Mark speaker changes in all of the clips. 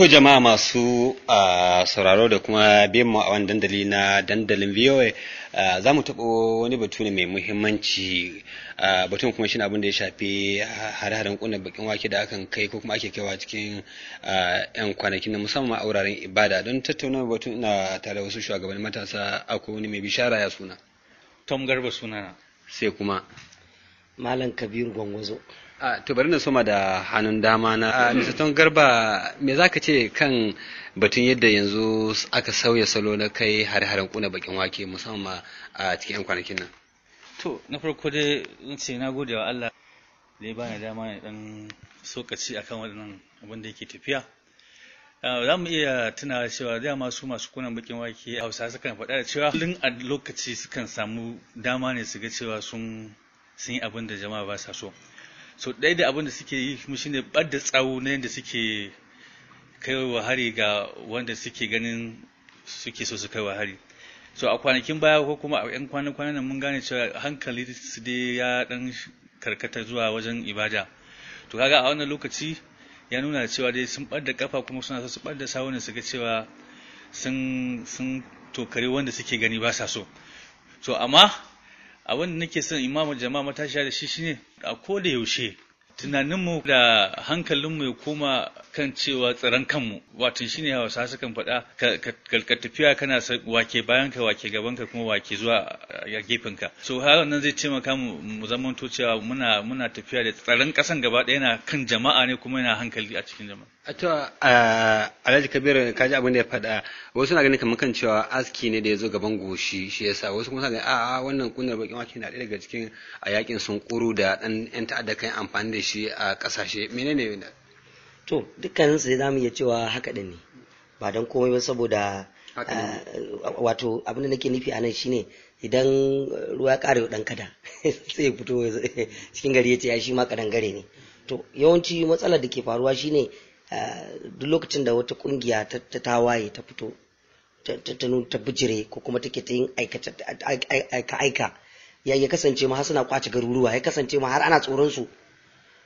Speaker 1: To jama'a masu sauraro da kuma biyan mu a wani dandali na dandalin VOA za mu taɓo wani batu ne mai muhimmanci batun kuma shine abin da ya shafi hare-haren kuna bakin wake da akan kai ko kuma ake kaiwa cikin 'yan kwanakin na musamman a wuraren ibada don tattauna batun ina tare wasu shugabannin matasa akwai wani mai bishara ya suna. Tom Garba sunana. Sai kuma. Malam Kabiru Gwangwazo. to bari na soma da hannun dama na Mr. Garba me zaka ce kan batun yadda yanzu aka sauya salo na kai har-haren kuna bakin wake musamman a cikin 'yan kwanakin nan
Speaker 2: to na farko dai in ce na gode wa Allah da ya bani dama ne dan sokaci akan waɗannan abin da yake tafiya za mu iya tunawa cewa ma su masu kunan bakin wake hausa suka faɗa da cewa kullum a lokaci sukan samu dama ne su ga cewa sun sun yi abin da jama'a ba sa so so ɗaya da abin da suke yi kuma shine ɓadda tsawo na yadda suke kaiwa hari ga wanda suke ganin suke so su kaiwa hari so a kwanakin baya ko kuma a yan kwanan kwanan mun gane cewa hankali su dai ya dan karkata zuwa wajen ibada to kaga a wannan lokaci ya nuna cewa dai sun ɓadda kafa kuma suna so su ɓadda sawunan su ga cewa sun sun tokari wanda suke gani ba sa so to amma abin da nake son imamu jama'a matashiya da shi shine a koda yaushe tunaninmu da hankalinmu ya koma kan cewa tsaron kanmu watan shi ne hausa kan faɗa ka tafiya kana wake bayan ka wake gaban ka kuma wake zuwa a gefen ka so har nan zai taimaka mu mu zamanto cewa muna muna tafiya da tsaron ƙasan gaba ɗaya yana kan jama'a ne kuma yana hankali a cikin jama'a
Speaker 1: a cewa alhaji kabir ka ji abin da ya faɗa wasu na ganin kamar kan cewa aski ne da ya zo gaban goshi shi yasa wasu kuma suna ganin a'a wannan kunar bakin wake na ɗaya daga cikin a yakin sun da ɗan 'yan ta'adda kan amfani da shi shi a kasashe menene ne
Speaker 3: to dukkanin su zamu iya cewa haka din ne ba don komai ba saboda ah, wato abin da nake nufi a nan shine idan ruwa ya ƙara dan kada sai ya fito cikin gari ya ce ya shi ma kadangare ne to yawanci matsalar da ke faruwa shine ah, duk lokacin da wata kungiya ta tawaye ta fito ta bijire ko kuma take ta yin aika-aika ya kasance ma har suna kwace garuruwa ya kasance ma har ana tsoron su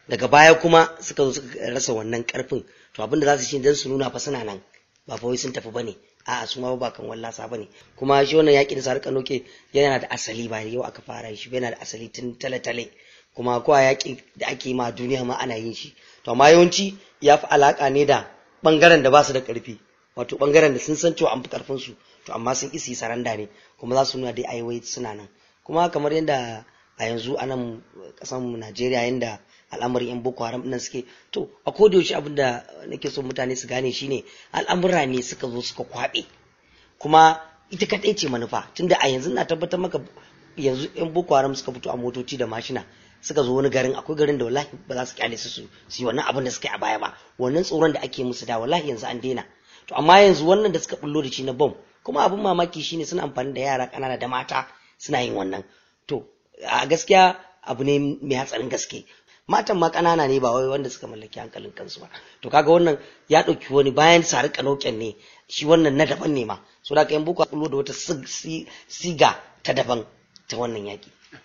Speaker 3: daga baya kuma suka zo suka rasa wannan karfin to abin da za su shi dan su nuna fa suna nan ba fa wai sun tafi bane a'a su ma ba kan wallasa bane kuma shi wannan yakin da sarƙa noke yana da asali ba yau aka fara shi yana da asali tun tale-tale kuma kowa yaƙi da ake ma duniya ma ana yin shi to amma yawanci ya fi alaƙa ne da ɓangaren da ba su da ƙarfi wato ɓangaren da sun san cewa an fi ƙarfin su to amma sun isi saranda ne kuma za su nuna dai aiwai suna nan kuma kamar yadda a yanzu anan nan ƙasar mu Najeriya yadda al'amari yan boko haram nan suke to a koda yaushe abin da nake so mutane su gane shine al'amura ne suka zo suka kwabe kuma ita kadai ce manufa tunda a yanzu na tabbatar maka yanzu yan boko haram suka fito a motoci da mashina suka zo wani garin akwai garin da wallahi ba za su kyale su su yi wannan abin da suka yi a baya ba wannan tsoron da ake musu da wallahi yanzu an daina to amma yanzu wannan da suka bullo da shi na bom kuma abin mamaki shine suna amfani da yara kanana da mata suna yin wannan to a gaskiya abu ne mai hatsarin gaske matan ma ƙanana ne ba wai wanda suka mallaki hankalin kansu ba to kaga wannan ya ɗauki wani bayan rika kanoken ne shi wannan na daban ne ma so da ka yin boko a da wata siga ta daban ta wannan yaƙi